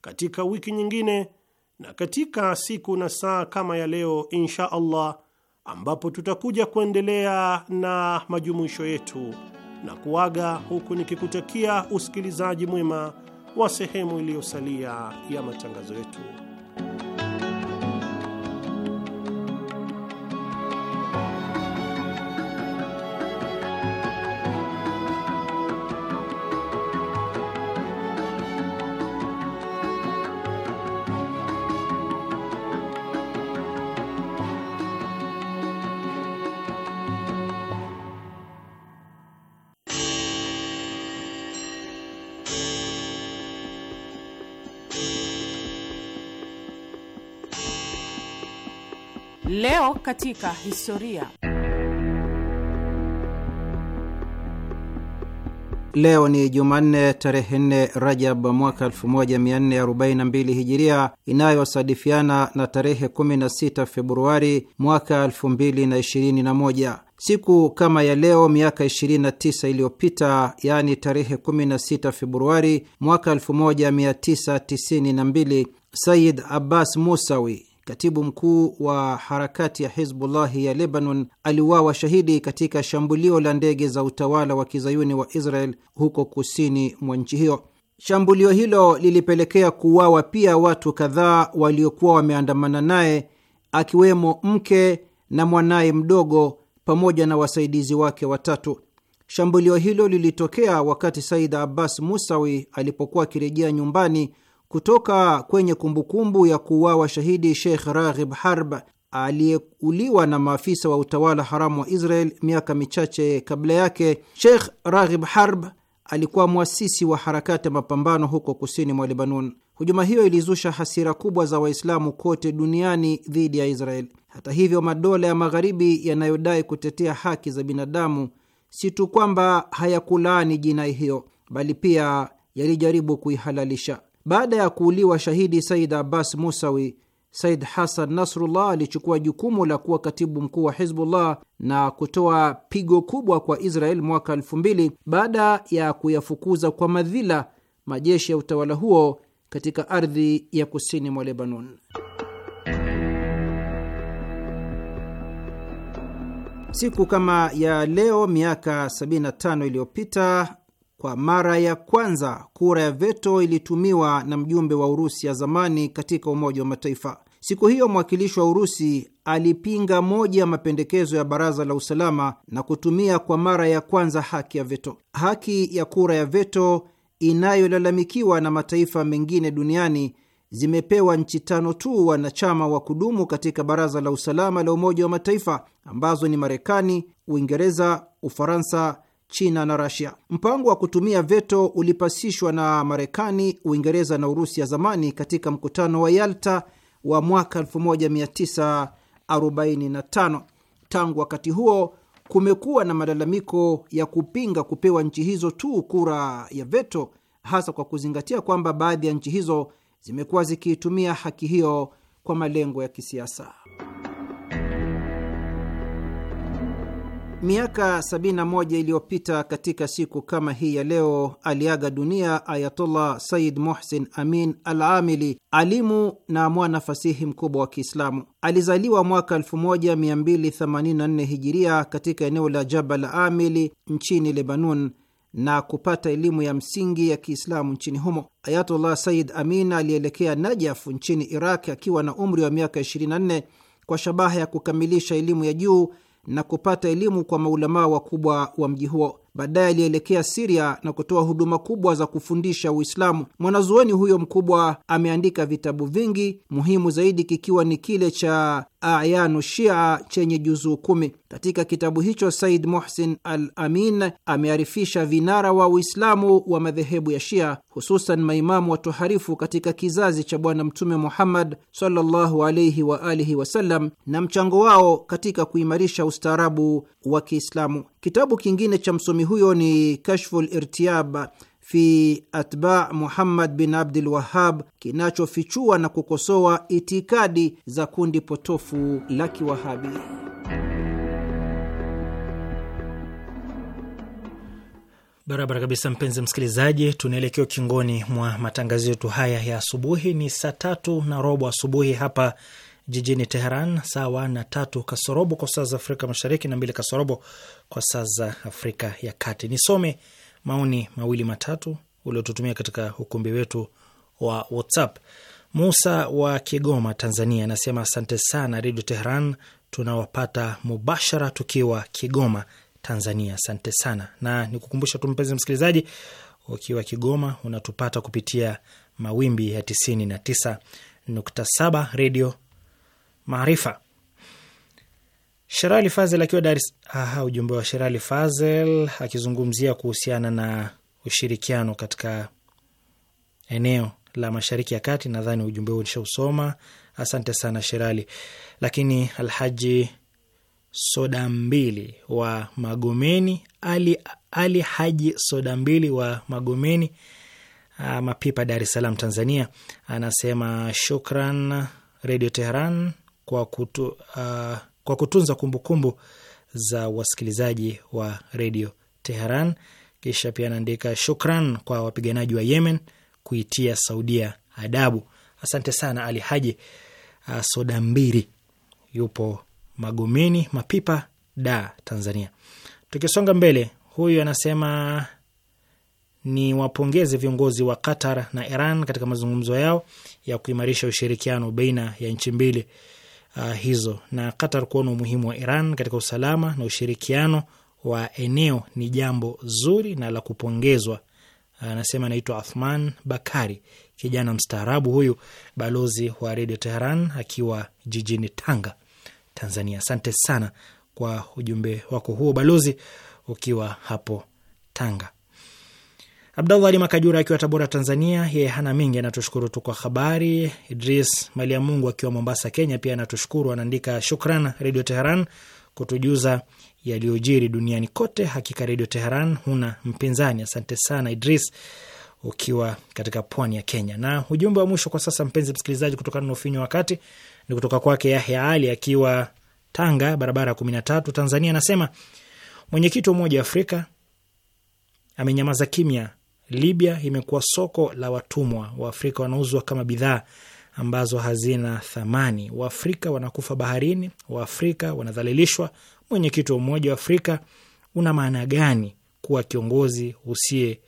katika wiki nyingine na katika siku na saa kama ya leo, insha Allah, ambapo tutakuja kuendelea na majumuisho yetu na kuaga huku nikikutakia usikilizaji mwema wa sehemu iliyosalia ya matangazo yetu. katika historia. Leo ni Jumanne, tarehe nne Rajab mwaka 1442 Hijiria, inayosadifiana na tarehe 16 Februari mwaka 2021. Siku kama ya leo miaka 29 iliyopita, yaani tarehe 16 Februari mwaka 1992, Sayid Abbas Musawi katibu mkuu wa harakati ya Hizbullahi ya Lebanon, aliuawa shahidi katika shambulio la ndege za utawala wa kizayuni wa Israel huko kusini mwa nchi hiyo. Shambulio hilo lilipelekea kuuawa pia watu kadhaa waliokuwa wameandamana naye, akiwemo mke na mwanaye mdogo pamoja na wasaidizi wake watatu. Shambulio hilo lilitokea wakati Said Abbas Musawi alipokuwa akirejea nyumbani kutoka kwenye kumbukumbu ya kuuawa shahidi Sheikh Raghib Harb aliyeuliwa na maafisa wa utawala haramu wa Israel miaka michache kabla yake. Sheikh Raghib Harb alikuwa mwasisi wa harakati ya mapambano huko kusini mwa Lebanon. Hujuma hiyo ilizusha hasira kubwa za Waislamu kote duniani dhidi ya Israel. Hata hivyo, madola ya Magharibi yanayodai kutetea haki za binadamu si tu kwamba hayakulaani jinai hiyo, bali pia yalijaribu kuihalalisha. Baada ya kuuliwa shahidi Said Abbas Musawi, Said Hasan Nasrullah alichukua jukumu la kuwa katibu mkuu wa Hizbullah na kutoa pigo kubwa kwa Israel mwaka elfu mbili baada ya kuyafukuza kwa madhila majeshi ya utawala huo katika ardhi ya kusini mwa Lebanon. Siku kama ya leo miaka 75 iliyopita kwa mara ya kwanza kura ya veto ilitumiwa na mjumbe wa Urusi ya zamani katika Umoja wa Mataifa. Siku hiyo mwakilishi wa Urusi alipinga moja ya mapendekezo ya Baraza la Usalama na kutumia kwa mara ya kwanza haki ya veto. Haki ya kura ya veto inayolalamikiwa na mataifa mengine duniani zimepewa nchi tano tu wanachama wa kudumu katika Baraza la Usalama la Umoja wa Mataifa ambazo ni Marekani, Uingereza, Ufaransa, China na Rasia. Mpango wa kutumia veto ulipasishwa na Marekani, Uingereza na Urusi ya zamani katika mkutano wa Yalta wa mwaka 1945. Tangu wakati huo kumekuwa na malalamiko ya kupinga kupewa nchi hizo tu kura ya veto, hasa kwa kuzingatia kwamba baadhi ya nchi hizo zimekuwa zikiitumia haki hiyo kwa malengo ya kisiasa. Miaka 71 iliyopita katika siku kama hii ya leo aliaga dunia Ayatollah Said Mohsin Amin Al Amili, alimu na mwana fasihi mkubwa wa Kiislamu. Alizaliwa mwaka 1284 Hijiria katika eneo la Jabal Amili nchini Lebanon na kupata elimu ya msingi ya Kiislamu nchini humo. Ayatollah Said Amin alielekea Najafu nchini Iraq akiwa na umri wa miaka 24 kwa shabaha ya kukamilisha elimu ya juu na kupata elimu kwa maulamaa wakubwa wa mji huo. Baadaye alielekea Siria na kutoa huduma kubwa za kufundisha Uislamu. Mwanazuoni huyo mkubwa ameandika vitabu vingi, muhimu zaidi kikiwa ni kile cha Ayanu Shia chenye juzuu kumi. Katika kitabu hicho, Said Muhsin Al Amin amearifisha vinara wa Uislamu wa madhehebu ya Shia, hususan maimamu watoharifu katika kizazi cha Bwana Mtume Muhammad sallallahu alaihi wa alihi wasallam na mchango wao katika kuimarisha ustaarabu wa Kiislamu. Kitabu kingine cha msomi huyo ni Kashful Irtiab fi Atba Muhammad bin Abdul Wahab, kinachofichua na kukosoa itikadi za kundi potofu la Kiwahabi. Barabara kabisa, mpenzi msikilizaji, tunaelekea ukingoni mwa matangazo yetu haya ya asubuhi. Ni saa tatu na robo asubuhi hapa jijini Teheran, sawa na tatu kasorobo kwa saa za Afrika Mashariki na mbili kasorobo kwa saa za Afrika ya Kati. Nisome maoni mawili matatu uliotutumia katika ukumbi wetu wa WhatsApp. Musa wa Kigoma, Tanzania, anasema asante sana Redio Tehran, tunawapata mubashara tukiwa Kigoma, Tanzania. Asante sana, na nikukumbusha tu mpenzi msikilizaji, ukiwa Kigoma unatupata kupitia mawimbi ya 99.7 Redio Maarifa. Sherali Fazel akiwa Dar es ujumbe wa Sherali Fazel akizungumzia kuhusiana na ushirikiano katika eneo la Mashariki ya Kati. Nadhani ujumbe huu nishausoma. Asante sana Sherali. Lakini Alhaji Soda Mbili wa Magomeni, Ali, Ali Haji Soda Mbili wa Magomeni, ah, Mapipa, Dar es Salaam, Tanzania, anasema shukran redio Teheran kwa kutu, uh, kwa kutunza kumbukumbu kumbu za wasikilizaji wa redio Teheran. Kisha pia anaandika shukran kwa wapiganaji wa Yemen kuitia Saudia adabu. Asante sana Ali Haji Soda Mbiri, yupo Magomeni Mapipa da Tanzania. Tukisonga mbele, huyu anasema ni wapongeze viongozi wa Qatar na Iran katika mazungumzo yao ya kuimarisha ushirikiano baina ya nchi mbili uh, hizo na Qatar kuona umuhimu wa Iran katika usalama na ushirikiano wa eneo ni jambo zuri na la kupongezwa, uh, anasema. Uh, anaitwa Athman Bakari, kijana mstaarabu huyu, balozi wa Redio Teheran akiwa jijini Tanga, Tanzania. Asante sana kwa ujumbe wako huo balozi, ukiwa hapo Tanga. Abdallah Ali Makajura akiwa Tabora, Tanzania, yeye hana mingi, anatushukuru tu kwa habari. Idris Mungu akiwa Mombasa, Kenya, pia anatushukuru, anaandika shukran Redio Teheran kutujuza yaliyojiri duniani kote. Hakika Redio Teheran huna mpinzani. Asante sana Idris ukiwa katika pwani ya Kenya. Na ujumbe wa mwisho kwa sasa, mpenzi msikilizaji, kutokana na ufinyo wakati, ni kutoka kwake Yahya Ali akiwa Tanga, barabara ya kumi na tatu, Tanzania. Anasema mwenyekiti wa Umoja wa Afrika amenyamaza kimya Libya imekuwa soko la watumwa. Waafrika wanauzwa kama bidhaa ambazo hazina thamani. Waafrika wanakufa baharini, Waafrika wanadhalilishwa. Mwenyekiti wa Umoja wa Afrika, una maana gani kuwa kiongozi usiye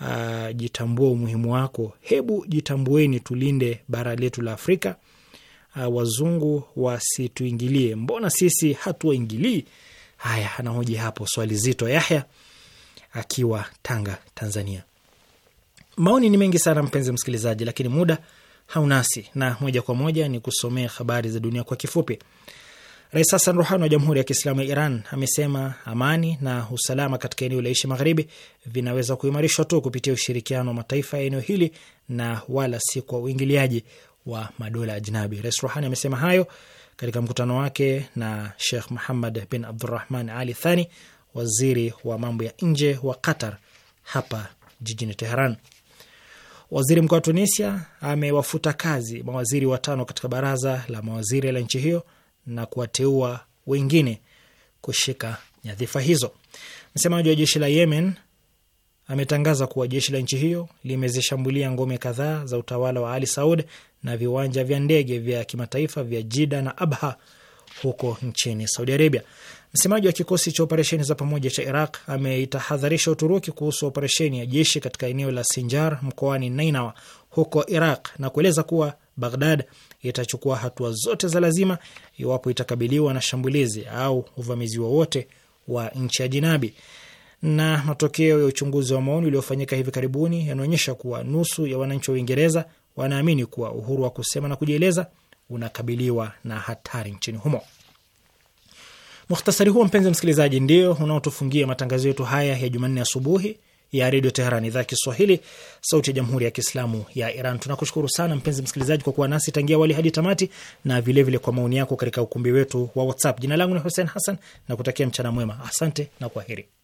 uh, jitambua umuhimu wako? Hebu jitambueni, tulinde bara letu la Afrika. Uh, wazungu wasituingilie, mbona sisi hatuwaingilii? Haya, anahoji hapo swali zito Yahya akiwa Tanga, Tanzania. Maoni ni mengi sana mpenzi msikilizaji, lakini muda haunasi, na moja kwa moja ni kusomea habari za dunia kwa kifupi. Rais Hassan Ruhani wa Jamhuri ya Kiislamu ya Iran amesema amani na usalama katika eneo la ishi magharibi vinaweza kuimarishwa tu kupitia ushirikiano wa mataifa ya eneo hili na wala si kwa uingiliaji wa madola ajnabi. Rais Ruhani amesema hayo katika mkutano wake na Shekh Muhammad bin Abdurahman Ali Thani, waziri wa mambo ya nje wa Qatar hapa jijini Teheran. Waziri mkuu wa Tunisia amewafuta kazi mawaziri watano katika baraza la mawaziri la nchi hiyo na kuwateua wengine kushika nyadhifa hizo. Msemaji wa jeshi la Yemen ametangaza kuwa jeshi la nchi hiyo limezishambulia ngome kadhaa za utawala wa Ali Saud na viwanja vya ndege vya kimataifa vya Jida na Abha huko nchini Saudi Arabia. Msemaji wa kikosi cha operesheni za pamoja cha Iraq ameitahadharisha Uturuki kuhusu operesheni ya jeshi katika eneo la Sinjar mkoani Nainawa huko Iraq na kueleza kuwa Baghdad itachukua hatua zote za lazima iwapo itakabiliwa na shambulizi au uvamizi wowote wa, wa nchi ya jinabi. Na matokeo ya uchunguzi wa maoni uliofanyika hivi karibuni yanaonyesha kuwa nusu ya wananchi wa Uingereza wanaamini kuwa uhuru wa kusema na kujieleza unakabiliwa na hatari nchini humo. Muhtasari huo mpenzi msikilizaji, ndio unaotufungia matangazo yetu haya ya Jumanne asubuhi ya Redio Teheran, idhaa Kiswahili, sauti ya Jamhuri ya Kiislamu ya Iran. Tunakushukuru sana mpenzi msikilizaji kwa kuwa nasi tangia wali hadi tamati, na vilevile vile kwa maoni yako katika ukumbi wetu wa WhatsApp. Jina langu ni Hussein Hassan na kutakia mchana mwema. Asante na kwaheri.